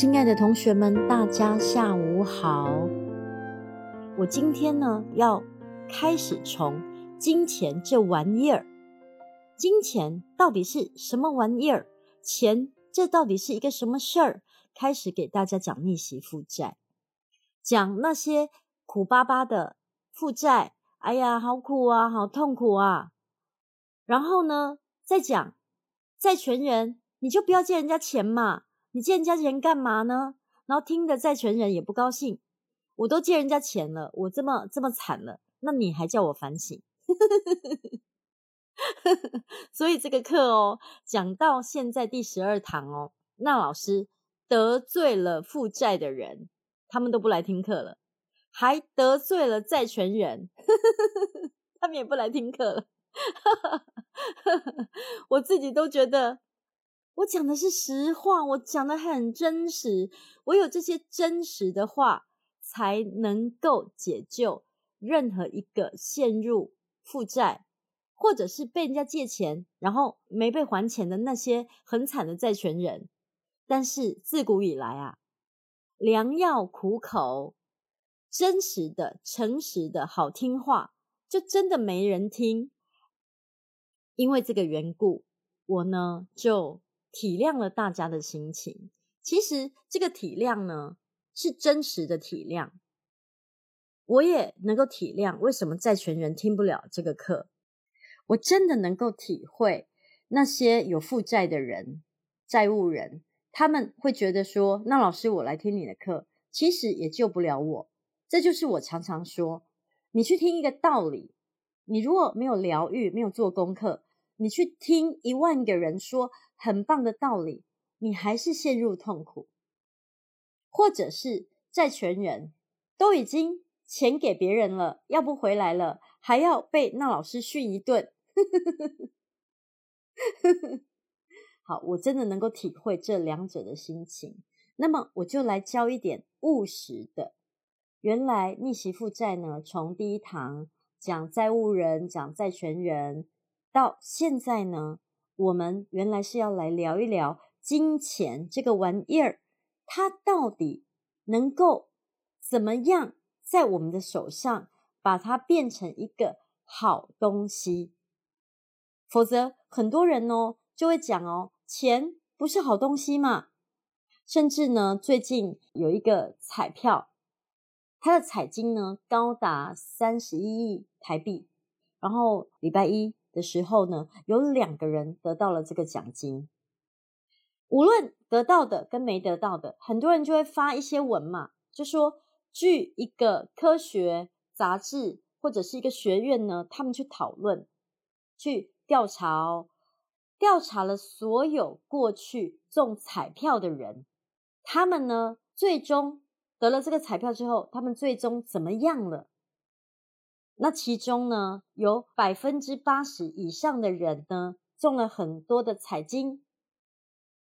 親愛的同學們，大家下午好。我今天呢要開始從金錢這玩意兒，金錢到底是什麼玩意兒？錢這到底是一個什麼事兒？開始給大家講逆襲負債，講那些苦巴巴的負債。哎呀，好苦啊，好痛苦啊！然後呢，再講債權人，你就不要借人家錢嘛。你借人家錢幹嘛呢？然後聽的債權人也不高興，我都借人家錢了，我這麼這麼慘了，那你還叫我反省？ 所以這個課哦，講到現在第十二堂哦，那老師得罪了負債的人，他們都不來聽課了，還得罪了債權人， 他們也不來聽課了。 我自己都覺得。我講的是實話，我講的很真實，我有這些真實的話，才能夠解救任何一個陷入負債，或者是被人家借錢，然後沒被還錢的那些很慘的債權人。但是自古以來啊，良藥苦口，真實的、誠實的好聽話，就真的沒人聽。因為這個緣故，我呢就。體諒了大家的心情，其實這個體諒呢，是真實的體諒。我也能夠體諒為什麼債權人聽不了這個課。我真的能夠體會那些有負債的人、債務人，他們會覺得說：“那老師，我來聽你的課，其實也救不了我。”這就是我常常說，你去聽一個道理，你如果沒有療癒、沒有做功課，你去聽一萬個人說。很棒的道理，你還是陷入痛苦，或者是債權人，都已經錢給別人了，要不回來了，還要被那老師訓一頓。 好，我真的能夠體會這兩者的心情。那麼，我就來教一點務實的。原來逆襲負債呢，從第一堂講債務人，講債權人，到現在呢。我們原來是要來聊一聊金錢這個玩意兒，它到底能夠怎麼樣在我們的手上把它變成一個好東西？否則，很多人哦，就會講哦，錢不是好東西嘛。甚至呢，最近有一個彩票，它的彩金呢，高達三十一億台幣，然後禮拜一。的時候呢，有兩個人得到了這個獎金。無論得到的跟沒得到的，很多人就會發一些文嘛，就說，據一個科學雜誌或者是一個學院呢，他們去討論、去調查，哦，調查了所有過去中彩票的人，他們呢最終得了這個彩票之後，他們最終怎麼樣了？那其中呢，有百分之八十以上的人呢，中了很多的彩金，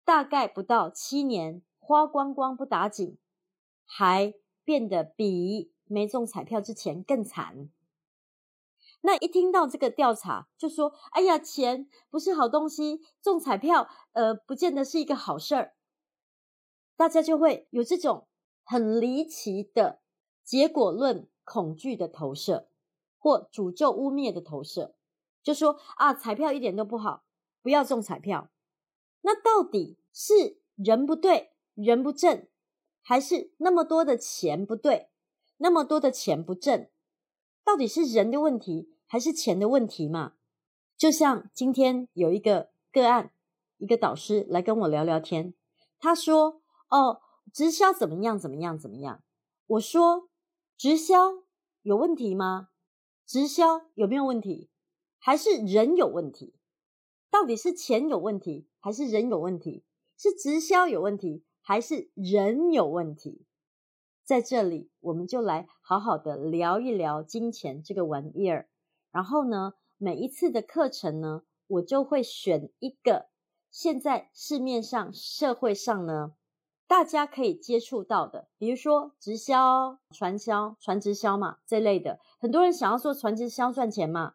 大概不到七年，花光光不打緊，還變得比沒中彩票之前更慘。那一聽到這個調查，就說：“哎呀，錢不是好東西，中彩票呃不見得是一個好事兒。”大家就會有這種很離奇的結果論恐懼的投射。或詛咒、汙衊的投射，就說啊，彩票一點都不好，不要中彩票。那到底是人不對，人不正，還是那麼多的錢不對，那麼多的錢不正？到底是人的問題，還是錢的問題嘛？就像今天有一個個案，一個導師來跟我聊聊天，他說：“哦，直銷怎麼樣？怎麼樣？怎麼樣？”我說：“直銷有問題嗎？”直銷有沒有問題？還是人有問題？到底是錢有問題，還是人有問題？是直銷有問題，還是人有問題？在這裡，我們就來好好的聊一聊金錢這個玩意兒。然後呢，每一次的課程呢，我就會選一個現在市面上、社會上呢。大家可以接觸到的，比如說直銷、傳銷、傳直銷嘛，這類的，很多人想要做傳直銷賺錢嘛，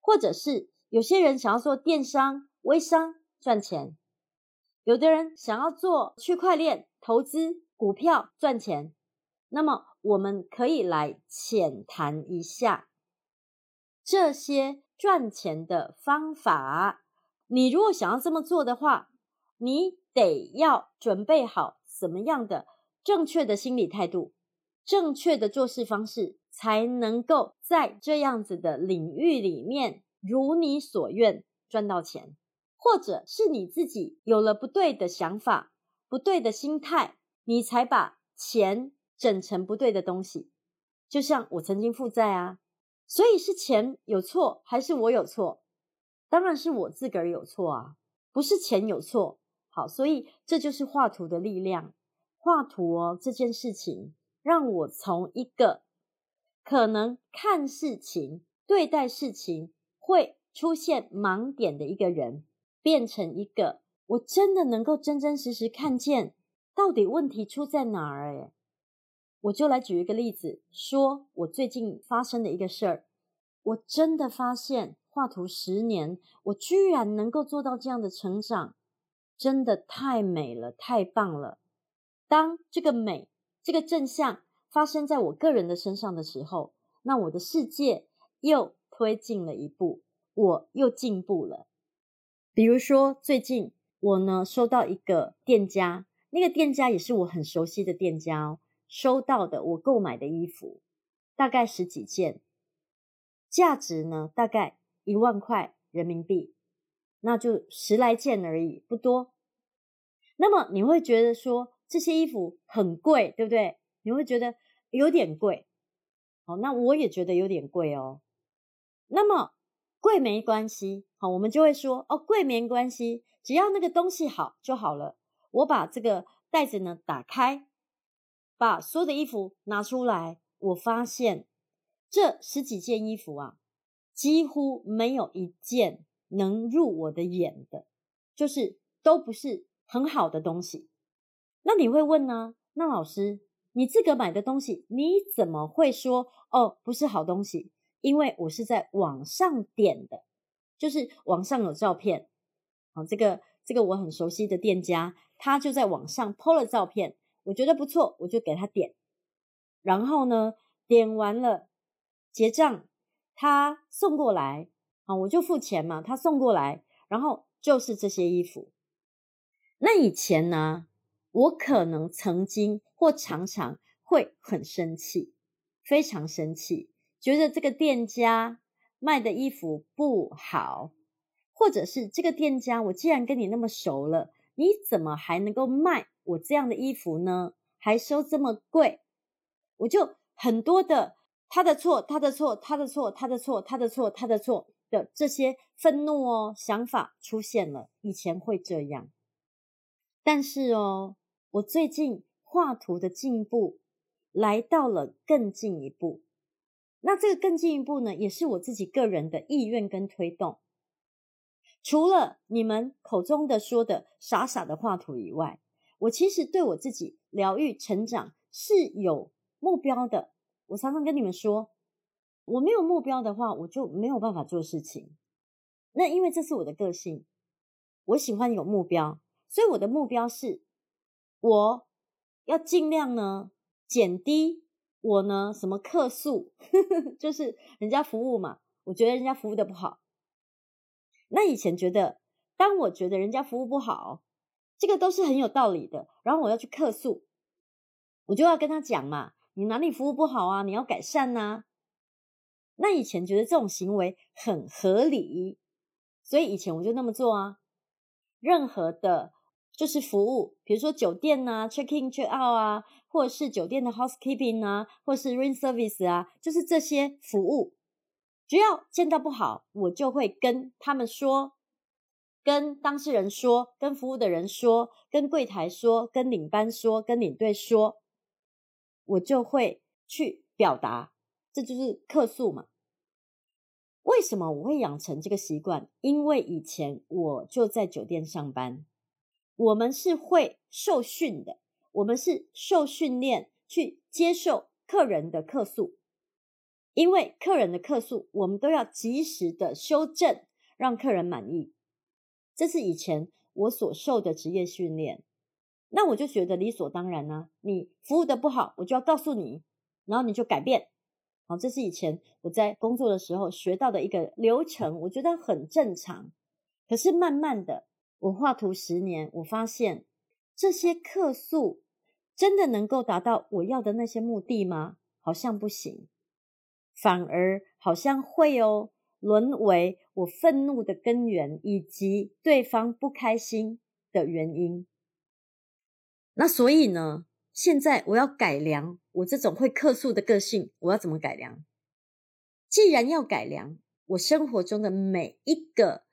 或者是有些人想要做電商、微商賺錢，有的人想要做區塊鏈投資、股票賺錢。那麼，我們可以來淺談一下這些賺錢的方法。你如果想要這麼做的話，你得要準備好。怎麼樣的正確的心理態度，正確的做事方式，才能夠在這樣子的領域裡面如你所願賺到錢？或者是你自己有了不對的想法、不對的心態，你才把錢整成不對的東西。就像我曾經負債啊，所以是錢有錯還是我有錯？當然是我自個兒有錯啊，不是錢有錯。好，所以這就是畫圖的力量。畫圖哦，這件事情讓我從一個可能看事情、對待事情會出現盲點的一個人，變成一個我真的能夠真真實實看見到底問題出在哪兒。誒，我就來舉一個例子，說我最近發生的一個事兒，我真的發現畫圖十年，我居然能夠做到這樣的成長。真的太美了，太棒了！當這個美、這個正向發生在我個人的身上的時候，那我的世界又推進了一步，我又進步了。比如說，最近我呢收到一個店家，那個店家也是我很熟悉的店家哦，收到的我購買的衣服大概十幾件，價值呢大概一萬塊人民幣。那就十來件而已，不多。那麼你會覺得說這些衣服很貴，對不對？你會覺得有點貴。好，那我也覺得有點貴哦。那麼貴沒關係，好，我們就會說哦，貴沒關係，只要那個東西好就好了。我把這個袋子呢打開，把所有的衣服拿出來，我發現這十幾件衣服啊，幾乎沒有一件。能入我的眼的，就是都不是很好的東西。那你會問呢？那老師，你自個買的東西，你怎麼會說哦不是好東西？因為我是在網上點的，就是網上有照片，啊，這個這個我很熟悉的店家，他就在網上 PO 了照片，我覺得不錯，我就給他點。然後呢，點完了結賬，他送過來。啊，我就付錢嘛，他送過來，然後就是這些衣服。那以前呢，我可能曾經或常常會很生氣，非常生氣，覺得這個店家賣的衣服不好，或者是這個店家，我既然跟你那麼熟了，你怎麼還能夠賣我這樣的衣服呢？還收這麼貴，我就很多的他的錯，他的錯，他的錯，他的錯，他的錯，他的錯。的這些憤怒哦，想法出現了，以前會這樣。但是哦，我最近畫圖的進步來到了更進一步。那這個更進一步呢，也是我自己個人的意願跟推動。除了你們口中的說的傻傻的畫圖以外，我其實對我自己療癒成長是有目標的。我常常跟你們說。我沒有目標的話，我就沒有辦法做事情。那因為這是我的個性，我喜歡有目標，所以我的目標是，我要盡量呢減低我呢什麼客訴，就是人家服務嘛，我覺得人家服務的不好。那以前覺得，當我覺得人家服務不好，這個都是很有道理的。然後我要去客訴，我就要跟他講嘛，你哪裡服務不好啊？你要改善吶、啊。那以前覺得這種行為很合理，所以以前我就那麼做啊。任何的，就是服務，比如說酒店吶，check in check out 啊，或者是酒店的 housekeeping 啊，或者是 room service 啊，就是這些服務，只要見到不好，我就會跟他們說，跟當事人說，跟服務的人說，跟櫃檯說，跟領班說，跟領隊說，我就會去表達，這就是客訴嘛。為什麼我會養成這個習慣？因為以前我就在酒店上班，我們是會受訓的，我們是受訓練去接受客人的客訴，因為客人的客訴，我們都要及時的修正，讓客人滿意。這是以前我所受的職業訓練，那我就覺得理所當然呢、啊。你服務的不好，我就要告訴你，然後你就改變。好，這是以前我在工作的時候學到的一個流程，我覺得很正常。可是慢慢的，我畫圖十年，我發現這些客訴真的能夠達到我要的那些目的嗎？好像不行，反而好像會哦，淪為我憤怒的根源，以及對方不開心的原因。那所以呢，現在我要改良。我這種會客訴的個性，我要怎麼改良？既然要改良，我生活中的每一個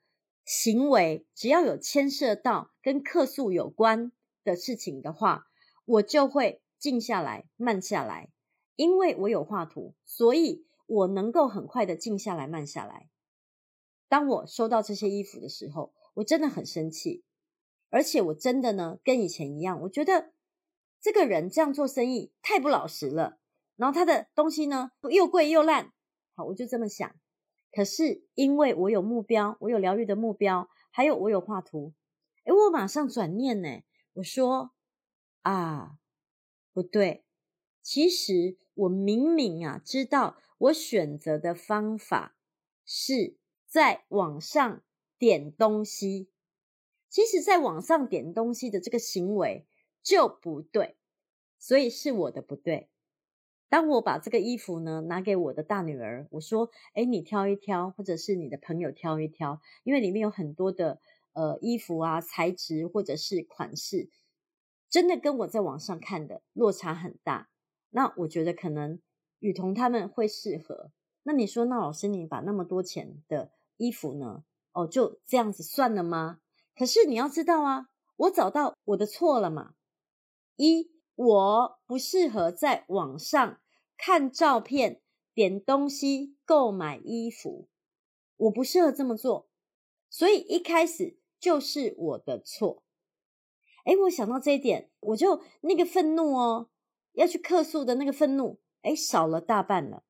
行為，只要有牽涉到跟客訴有關的事情的話，我就會靜下來、慢下來。因為我有畫圖，所以我能夠很快地靜下來、慢下來。當我收到這些衣服的時候，我真的很生氣，而且我真的呢，跟以前一樣，我覺得。這個人這樣做生意太不老實了，然後他的東西呢又貴又爛，好，我就這麼想。可是因為我有目標，我有療癒的目標，還有我有畫圖，哎、欸，我馬上轉念呢、欸，我說啊不對，其實我明明啊知道我選擇的方法是在網上點東西，其實在網上點東西的這個行為。就不對，所以是我的不對。當我把這個衣服呢拿給我的大女兒，我說：“誒你挑一挑，或者是你的朋友挑一挑，因為裡面有很多的呃衣服啊、材質或者是款式，真的跟我在網上看的落差很大。那我覺得可能雨桐他們會適合。那你說，那老師你把那麼多錢的衣服呢？哦，就這樣子算了嗎？可是你要知道啊，我找到我的錯了嘛。一，我不適合在網上看照片，點東西，購買衣服，我不適合這麼做，所以一開始就是我的錯。哎，我想到這一點，我就那個憤怒哦，要去客訴的那個憤怒，哎，少了大半了，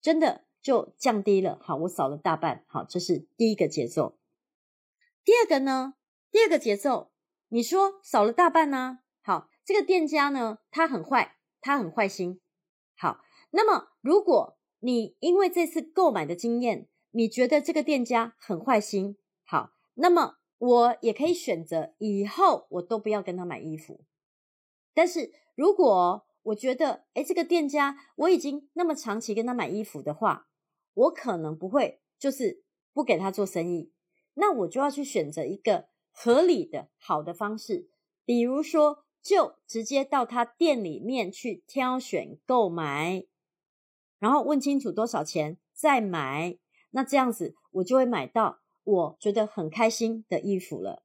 真的就降低了。好，我少了大半。好，這是第一個節奏。第二個呢？第二個節奏，你說少了大半呢，啊？好。這個店家呢，他很壞，他很壞心。好，那麼如果你因為這次購買的經驗，你覺得這個店家很壞心，好，那麼我也可以選擇以後我都不要跟他買衣服。但是如果我覺得，誒、欸、這個店家我已經那麼長期跟他買衣服的話，我可能不會就是不給他做生意，那我就要去選擇一個合理的好的方式，比如說。就直接到他店裡面去挑選購買，然後問清楚多少錢再買。那這樣子，我就會買到我覺得很開心的衣服了。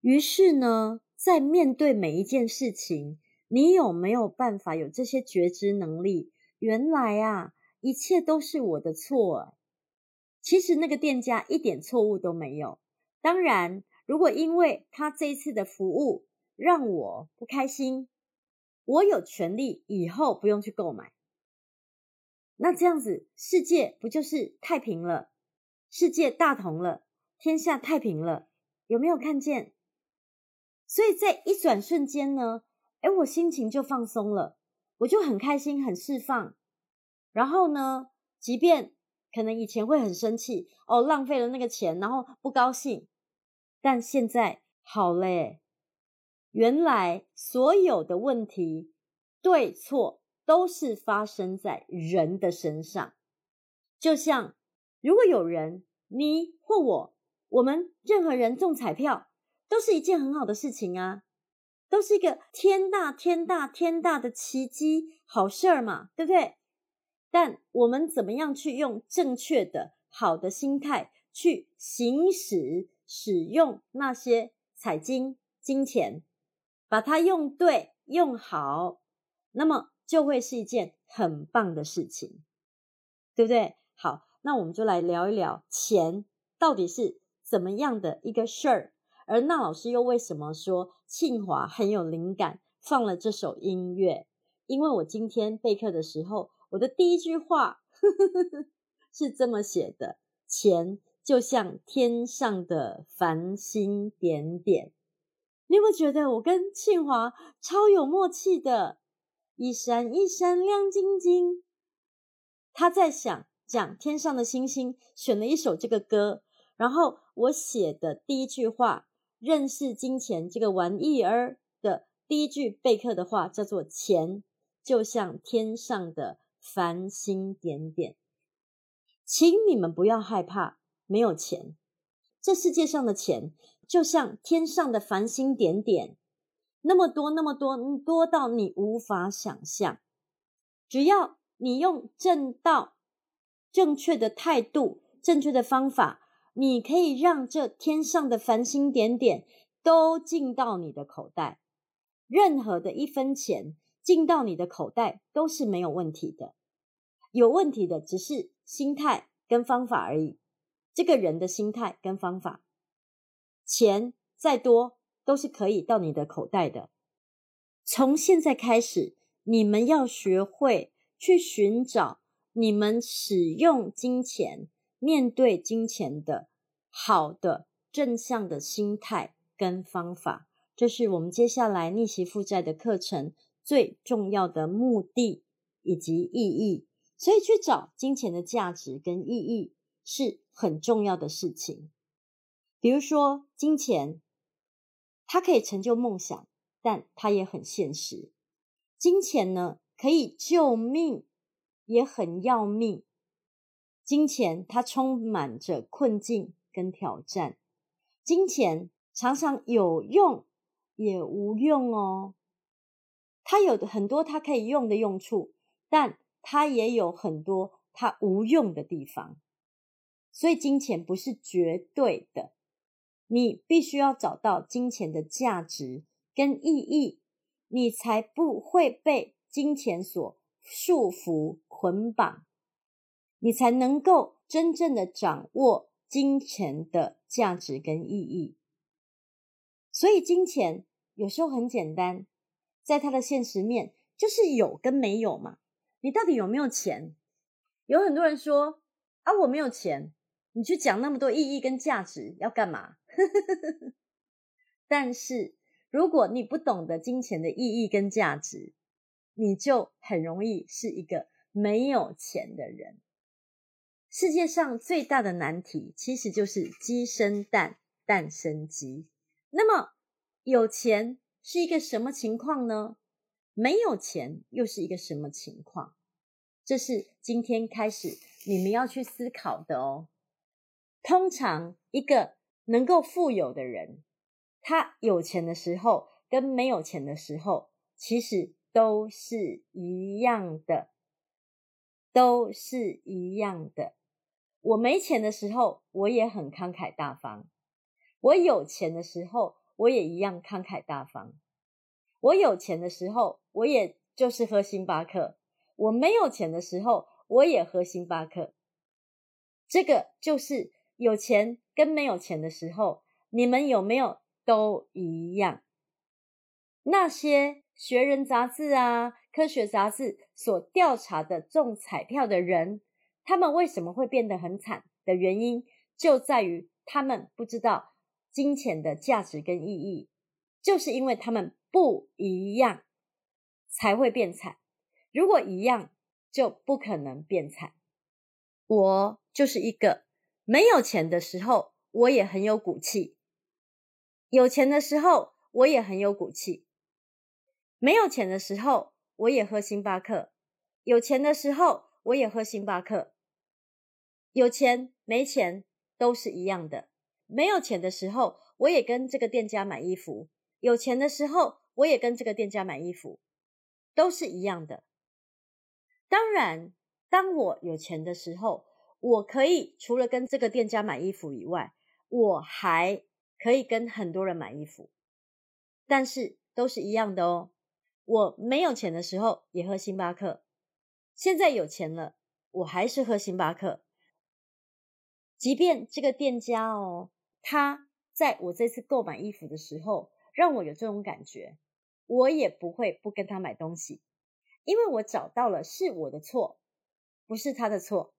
於是呢，在面對每一件事情，你有沒有辦法有這些覺知能力？原來啊，一切都是我的錯。其實那個店家一點錯誤都沒有。當然，如果因為他這一次的服務，讓我不開心，我有權利以後不用去購買。那這樣子，世界不就是太平了，世界大同了，天下太平了？有沒有看見？所以在一轉瞬間呢，誒，我心情就放鬆了，我就很開心，很釋放。然後呢，即便可能以前會很生氣哦，浪費了那個錢，然後不高興，但現在好嘞。原來所有的問題、對錯，都是發生在人的身上。就像如果有人你或我，我們任何人中彩票，都是一件很好的事情啊，都是一個天大天大天大的奇蹟、好事兒嘛，對不對？但我們怎麼樣去用正確的、好的心態去行使、使用那些彩金、金錢？把它用對、用好，那麼就會是一件很棒的事情，對不對？好，那我們就來聊一聊錢到底是怎麼樣的一個事兒。而娜老師又為什麼說慶華很有靈感，放了這首音樂？因為我今天備課的時候，我的第一句話 是這麼寫的：錢就像天上的繁星點點。你有沒有覺得我跟慶華超有默契的？一閃一閃亮晶晶，他在想，講天上的星星，選了一首這個歌。然後我寫的第一句話，認識金錢這個玩意兒的第一句備課的話，叫做“錢就像天上的繁星點點，請你們不要害怕沒有錢，這世界上的錢。”就像天上的繁星點點，那麼多，那麼多，多到你無法想象。只要你用正道、正確的態度、正確的方法，你可以讓這天上的繁星點點都進到你的口袋。任何的一分錢進到你的口袋都是沒有問題的，有問題的只是心態跟方法而已。這個人的心態跟方法。錢再多都是可以到你的口袋的。從現在開始，你們要學會去尋找你們使用金錢、面對金錢的好的正向的心態跟方法。這是我們接下來逆襲負債的課程最重要的目的以及意義。所以去找金錢的價值跟意義是很重要的事情。比如說，金錢，它可以成就夢想，但它也很現實。金錢呢，可以救命，也很要命。金錢它充滿着困境跟挑戰。金錢常常有用，也無用哦。它有很多它可以用的用處，但它也有很多它無用的地方。所以，金錢不是絕對的。你必須要找到金錢的價值跟意義，你才不會被金錢所束縛捆綁，你才能夠真正的掌握金錢的價值跟意義。所以，金錢有時候很簡單，在它的現實面就是有跟沒有嘛。你到底有沒有錢？有很多人說啊，我沒有錢。你去講那麼多意義跟價值要幹嘛？ 但是，如果你不懂得金錢的意義跟價值，你就很容易是一個沒有錢的人。世界上最大的難題其實就是雞生蛋，蛋生雞。那麼，有錢是一個什麼情況呢？沒有錢又是一個什麼情況？這是今天開始你們要去思考的哦。通常，一個能夠富有的人，他有錢的時候跟沒有錢的時候，其實都是一樣的，都是一樣的。我沒錢的時候，我也很慷慨大方；我有錢的時候，我也一樣慷慨大方。我有錢的時候，我也就是喝星巴克；我沒有錢的時候，我也喝星巴克。這個就是。有錢跟沒有錢的時候，你們有沒有都一樣？那些學人雜誌啊、科學雜誌所調查的中彩票的人，他們為什麼會變得很慘的原因，就在於他們不知道金錢的價值跟意義，就是因為他們不一樣才會變慘。如果一樣，就不可能變慘。我就是一個。沒有錢的時候，我也很有骨氣；有錢的時候，我也很有骨氣。沒有錢的時候，我也喝星巴克；有錢的時候，我也喝星巴克。有錢沒錢都是一樣的。沒有錢的時候，我也跟這個店家買衣服；有錢的時候，我也跟這個店家買衣服，都是一樣的。當然，當我有錢的時候，我可以除了跟這個店家買衣服以外，我還可以跟很多人買衣服，但是都是一樣的哦。我沒有錢的時候也喝星巴克，現在有錢了我還是喝星巴克。即便這個店家哦，他在我這次購買衣服的時候讓我有這種感覺，我也不會不跟他買東西，因為我找到了是我的錯，不是他的錯。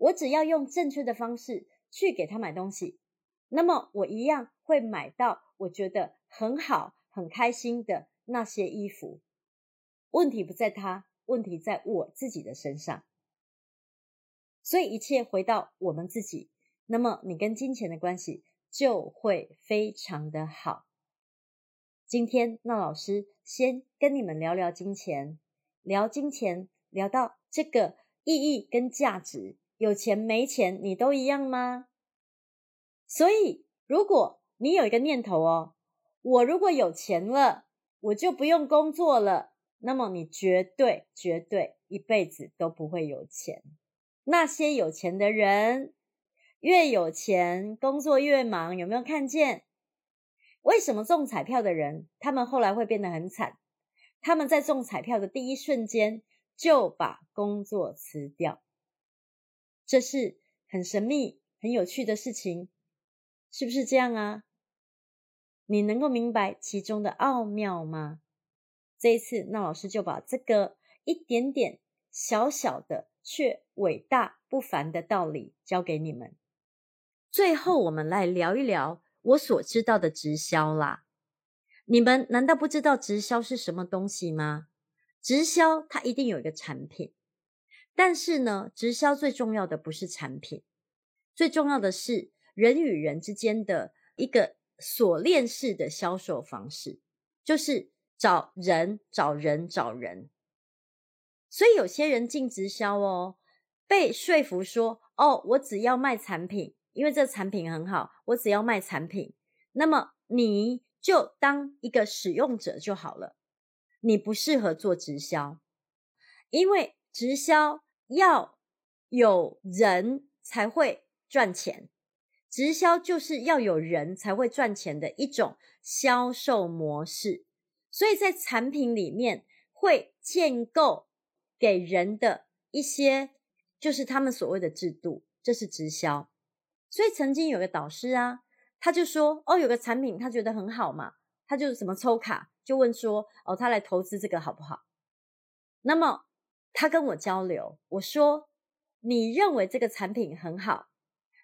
我只要用正確的方式去給他買東西，那麼我一樣會買到我覺得很好、很開心的那些衣服。問題不在他，問題在我自己的身上。所以一切回到我們自己，那麼你跟金錢的關係就會非常的好。今天，那老師先跟你們聊聊金錢，聊金錢，聊到這個意義跟價值。有錢沒錢你都一樣嗎？所以如果你有一個念頭哦，我如果有錢了，我就不用工作了，那麼你絕對絕對一輩子都不會有錢。那些有錢的人越有錢，工作越忙，有沒有看見？為什麼中彩票的人他們後來會變得很慘？他們在中彩票的第一瞬間就把工作辭掉。這是很神秘、很有趣的事情，是不是這樣啊？你能夠明白其中的奧妙嗎？這一次，娜老師就把這個一點點小小的卻偉大不凡的道理教給你們。最後，我們來聊一聊我所知道的直銷啦。你們難道不知道直銷是什麼東西嗎？直銷它一定有一個產品。但是呢，直銷最重要的不是產品，最重要的是人與人之間的一個鎖鏈式的銷售方式，就是找人、找人、找人。所以有些人進直銷哦，被說服說：“哦，我只要賣產品，因為這產品很好，我只要賣產品。”那麼你就當一個使用者就好了，你不適合做直銷，因為。直銷要有人才會賺錢，直銷就是要有人才會賺錢的一種銷售模式，所以在產品裡面會建構給人的一些，就是他們所謂的制度，這是直銷。所以曾經有個導師啊，他就說：“哦，有個產品他覺得很好嘛，他就怎麼抽卡，就問說：‘哦，他來投資這個好不好？’那麼。”他跟我交流，我說：“你認為這個產品很好？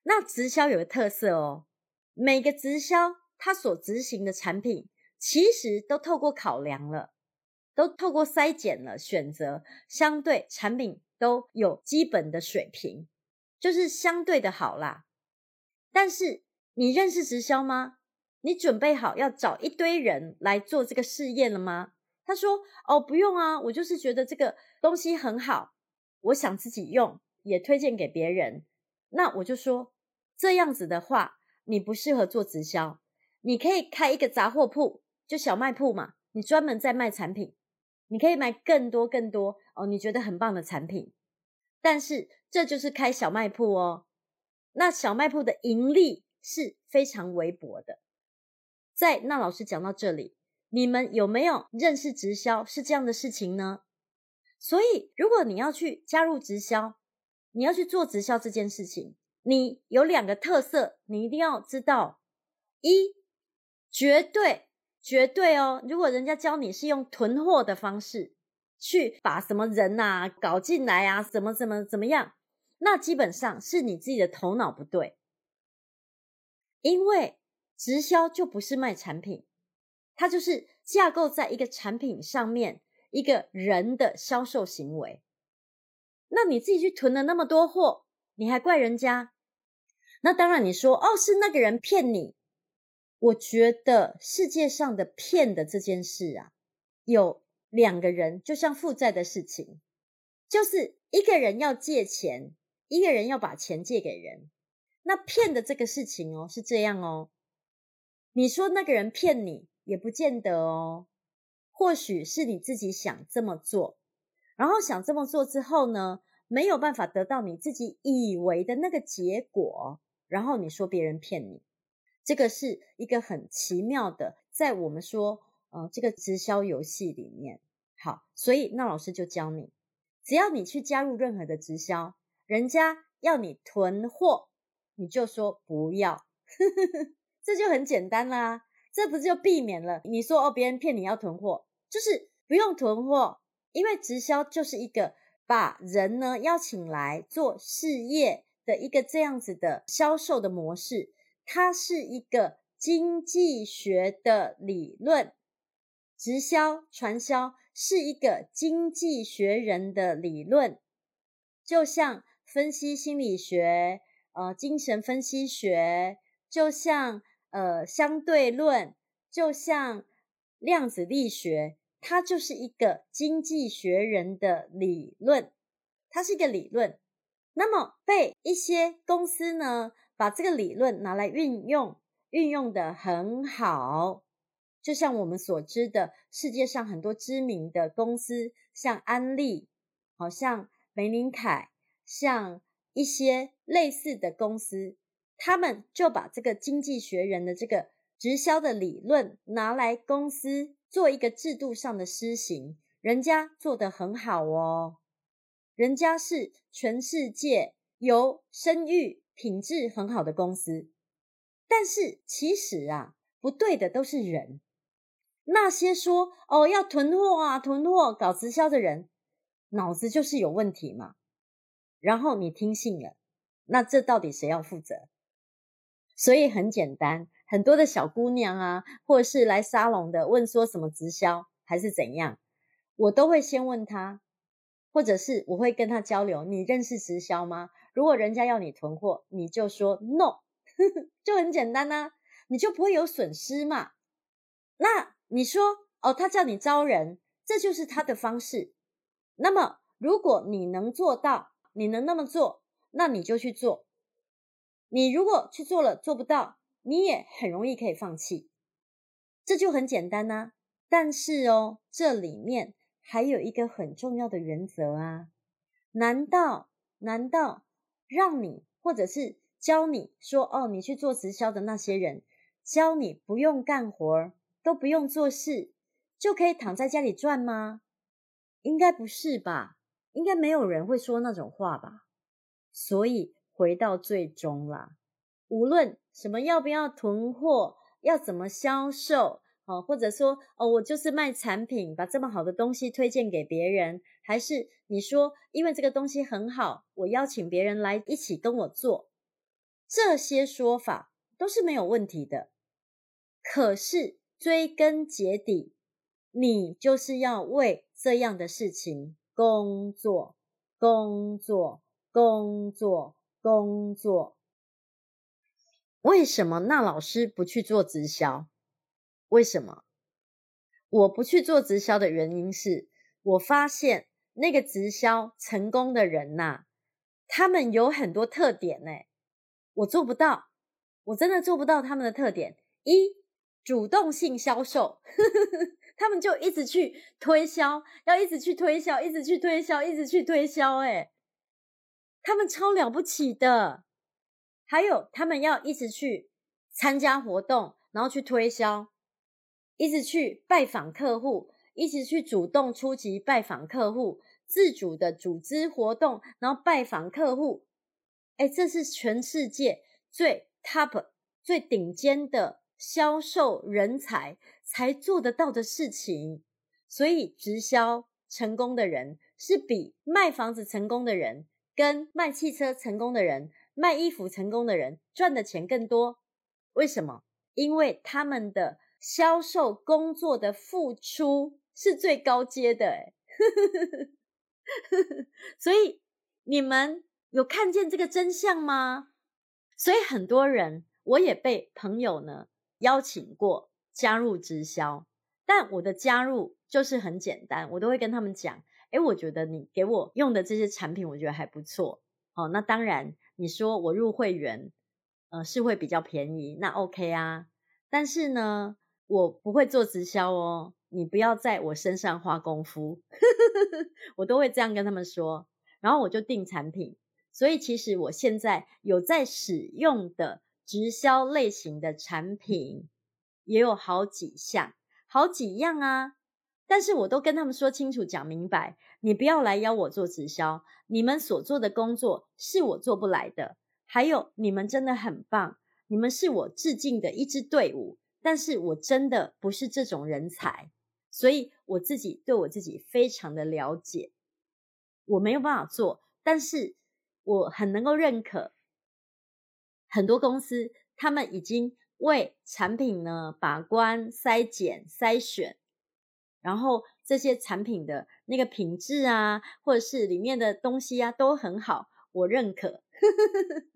那直銷有個特色哦，每個直銷他所執行的產品，其實都透過考量了，都透過篩檢了，選擇相對產品都有基本的水平，就是相對的好啦。但是你認識直銷嗎？你準備好要找一堆人來做這個試驗了嗎？”他說：“哦，不用啊，我就是覺得這個東西很好，我想自己用，也推薦給別人。那我就說，這樣子的話，你不適合做直銷，你可以開一個雜貨鋪，就小賣鋪嘛。你專門在賣產品，你可以賣更多更多哦，你覺得很棒的產品。但是這就是開小賣鋪哦。那小賣鋪的盈利是非常微薄的。在那老師講到這裡。”你們有沒有認識直銷是這樣的事情呢？所以，如果你要去加入直銷，你要去做直銷這件事情，你有兩個特色，你一定要知道：一，絕對絕對哦！如果人家教你是用囤貨的方式去把什麼人吶、啊、搞進來啊，怎麼怎麼怎麼樣，那基本上是你自己的頭腦不對，因為直銷就不是賣產品。它就是架構在一個產品上面，一個人的銷售行為。那你自己去囤了那麼多貨，你還怪人家？那當然你說哦，是那個人騙你。我覺得世界上的騙的這件事啊，有兩個人，就像負債的事情，就是一個人要借錢，一個人要把錢借給人。那騙的這個事情哦，是這樣哦。你說那個人騙你？也不見得哦，或許是你自己想這麼做，然後想這麼做之後呢，沒有辦法得到你自己以為的那個結果，然後你說別人騙你，這個是一個很奇妙的，在我們說呃這個直銷遊戲裡面。好，所以那老師就教你，只要你去加入任何的直銷，人家要你囤貨，你就說不要， 這就很簡單啦。這不就避免了？你說哦，別人騙你要囤貨，就是不用囤貨，因為直銷就是一個把人呢邀請來做事業的一個這樣子的銷售的模式。它是一個經濟學的理論，直銷傳銷是一個經濟學人的理論，就像分析心理學，呃，精神分析學，就像。呃，相對論，就像量子力學，它就是一個經濟學人的理論，它是一個理論。那麼被一些公司呢，把這個理論拿來運用，運用得很好。就像我們所知的，世界上很多知名的公司，像安利，好像玫琳凱，像一些類似的公司。他們就把這個經濟學人的這個直銷的理論拿來公司做一個制度上的施行，人家做得很好哦，人家是全世界有聲譽、品質很好的公司。但是其實啊，不對的都是人，那些說哦要囤貨啊、囤貨搞直銷的人，腦子就是有問題嘛。然後你聽信了，那這到底誰要負責？所以很簡單，很多的小姑娘啊，或是來沙龍的，問說什麼直銷還是怎樣，我都會先問他，或者是我會跟他交流，你認識直銷嗎？如果人家要你囤貨，你就說 no， 就很簡單吶、啊，你就不會有損失嘛。那你說哦，他叫你招人，這就是他的方式。那麼如果你能做到，你能那麼做，那你就去做。你如果去做了做不到，你也很容易可以放棄，這就很簡單啊。但是哦，這裡面還有一個很重要的原則啊，難道難道讓你或者是教你說哦，你去做直銷的那些人教你不用幹活都不用做事就可以躺在家裡賺嗎？應該不是吧？應該沒有人會說那種話吧？所以。回到最終啦，無論什麼要不要囤貨，要怎麼銷售哦，或者說哦，我就是賣產品，把這麼好的東西推薦給別人，還是你說，因為這個東西很好，我邀請別人來一起跟我做，這些說法都是沒有問題的。可是追根結底，你就是要為這樣的事情工作，工作，工作。工作。為什麼那老師不去做直銷？為什麼我不去做直銷的原因是我發現那個直銷成功的人吶、啊，他們有很多特點呢、欸，我做不到，我真的做不到他們的特點。一，主動性銷售， 他們就一直去推銷，要一直去推銷，一直去推銷，一直去推銷，誒他們超了不起的，還有他們要一直去參加活動，然後去推銷，一直去拜訪客戶，一直去主動出擊拜訪客戶，自主的組織活動，然後拜訪客戶。哎，這是全世界最 top 最頂尖的銷售人才才做得到的事情。所以，直銷成功的人是比賣房子成功的人，跟賣汽車成功的人、賣衣服成功的人賺的錢更多，為什麼？因為他們的銷售工作的付出是最高階的欸， 所以你們有看見這個真相嗎？所以很多人，我也被朋友呢邀請過加入直銷，但我的加入就是很簡單，我都會跟他們講。誒，我覺得你給我用的這些產品，我覺得還不錯。好、哦，那當然你說我入會員，呃，是會比較便宜，那 OK 啊。但是呢，我不會做直銷哦，你不要在我身上花功夫， 我都會這樣跟他們說。然後我就訂產品，所以其實我現在有在使用的直銷類型的產品，也有好幾項，好幾樣啊。但是我都跟他們說清楚、講明白，你不要來邀我做直銷。你們所做的工作是我做不來的。還有，你們真的很棒，你們是我致敬的一支隊伍。但是我真的不是這種人才，所以我自己對我自己非常的了解，我沒有辦法做，但是我很能夠認可，很多公司，他們已經為產品呢把關、篩檢、篩選。然後這些產品的那個品質啊，或者是裡面的東西啊，都很好，我認可。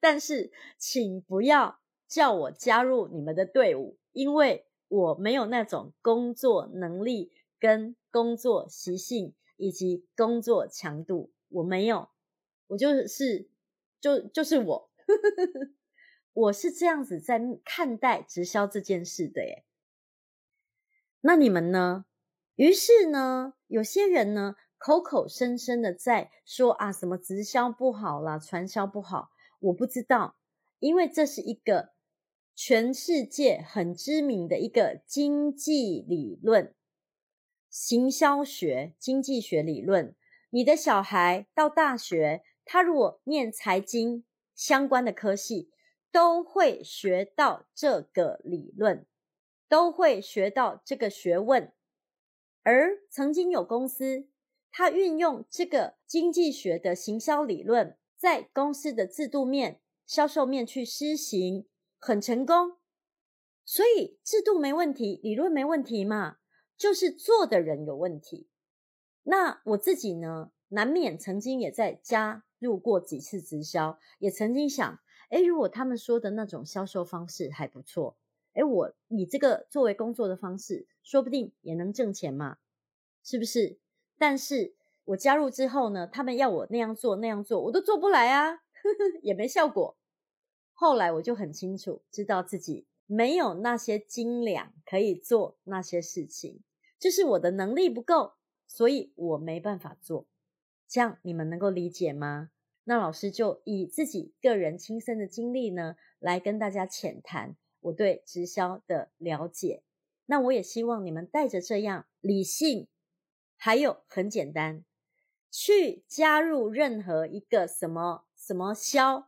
但是，請不要叫我加入你們的隊伍，因為我沒有那種工作能力、跟工作習性以及工作強度，我沒有。我就是，就就是我， 我是這樣子在看待直銷這件事的耶，耶那你們呢？於是呢，有些人呢，口口聲聲的在說啊，什麼直銷不好啦，傳銷不好，我不知道，因為這是一個全世界很知名的一個經濟理論——行銷學、經濟學理論。你的小孩到大學，他如果念財經相關的科系，都會學到這個理論。都會學到這個學問，而曾經有公司，他運用這個經濟學的行銷理論，在公司的制度面、銷售面去施行，很成功。所以制度沒問題，理論沒問題嘛，就是做的人有問題。那我自己呢，難免曾經也在加入過幾次直銷，也曾經想，誒，如果他們說的那種銷售方式還不錯。誒，我以這個作為工作的方式，說不定也能掙錢嘛，是不是？但是我加入之後呢，他們要我那樣做那樣做，我都做不來啊呵呵，也沒效果。後來我就很清楚，知道自己沒有那些斤兩可以做那些事情，就是我的能力不夠，所以我沒辦法做。這樣你們能夠理解嗎？那老師就以自己個人親身的經歷呢，來跟大家淺談。我對直銷的了解，那我也希望你們帶着這樣理性，還有很簡單，去加入任何一個什麼什麼銷，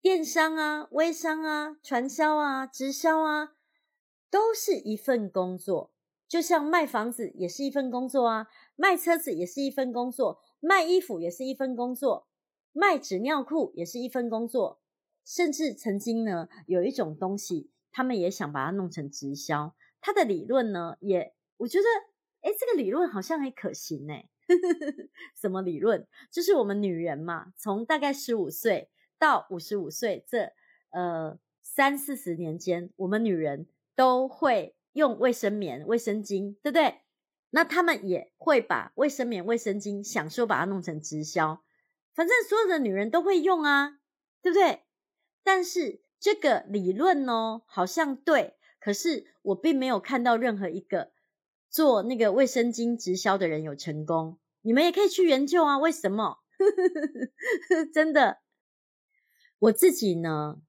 電商啊、微商啊、傳銷啊、直銷啊，都是一份工作。就像賣房子也是一份工作啊，賣車子也是一份工作，賣衣服也是一份工作，賣紙尿褲也是一份工作。甚至曾經呢，有一種東西，他們也想把它弄成直銷。他的理論呢，也，我覺得，誒，這個理論好像還可行呢。 什麼理論？就是我們女人嘛，從大概十五歲到五十五歲這呃三四十年間，我們女人都會用衛生棉、衛生巾，對不對？那他們也會把衛生棉、衛生巾享受把它弄成直銷，反正所有的女人都會用啊，對不對？但是這個理論呢、哦，好像對，可是我並沒有看到任何一個做那個衛生巾直銷的人有成功。你們也可以去研究啊，為什麼？ 真的，我自己呢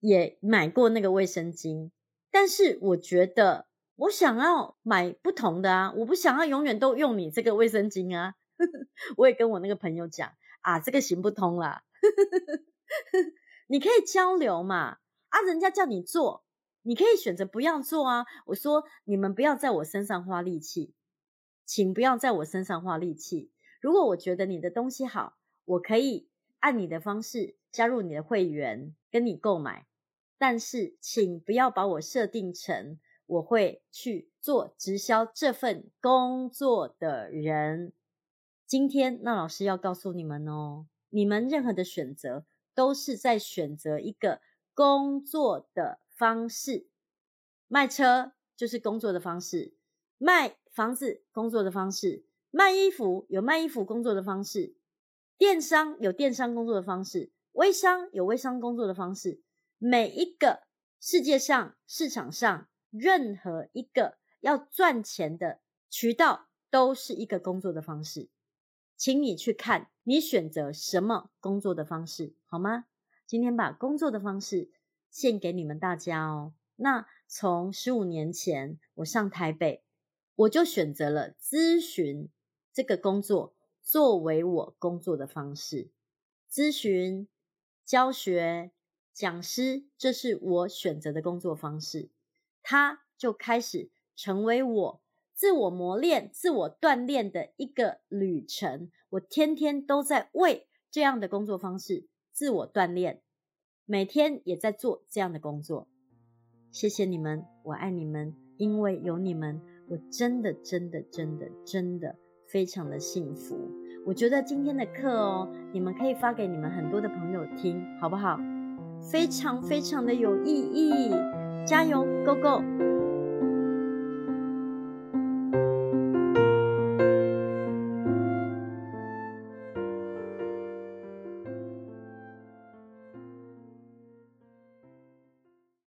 也買過那個衛生巾，但是我覺得我想要買不同的啊，我不想要永遠都用你這個衛生巾啊。 我也跟我那個朋友講啊，這個行不通啦。 你可以交流嘛？啊，人家叫你做，你可以選擇不要做啊。我說你們不要在我身上花力氣，請不要在我身上花力氣。如果我覺得你的東西好，我可以按你的方式加入你的會員，跟你購買。但是請不要把我設定成我會去做直銷這份工作的人。今天娜老師要告訴你們哦，你們任何的選擇。都是在選擇一個工作的方式，賣車就是工作的方式，賣房子工作的方式，賣衣服有賣衣服工作的方式，電商有電商工作的方式，微商有微商工作的方式，每一個世界上市場上任何一個要賺錢的渠道，都是一個工作的方式。請你去看，你選擇什麼工作的方式，好嗎？今天把工作的方式獻給你們大家哦。那從十五年前我上台北，我就選擇了諮詢這個工作作為我工作的方式。諮詢、教學、講師，這是我選擇的工作方式，它就開始成為我。自我磨練、自我鍛鍊的一個旅程，我天天都在為這樣的工作方式自我鍛鍊，每天也在做這樣的工作。謝謝你們，我愛你們，因為有你們，我真的、真的、真的、真的非常的幸福。我覺得今天的課哦，你們可以發給你們很多的朋友聽，好不好？非常非常的有意義。加油，Go Go！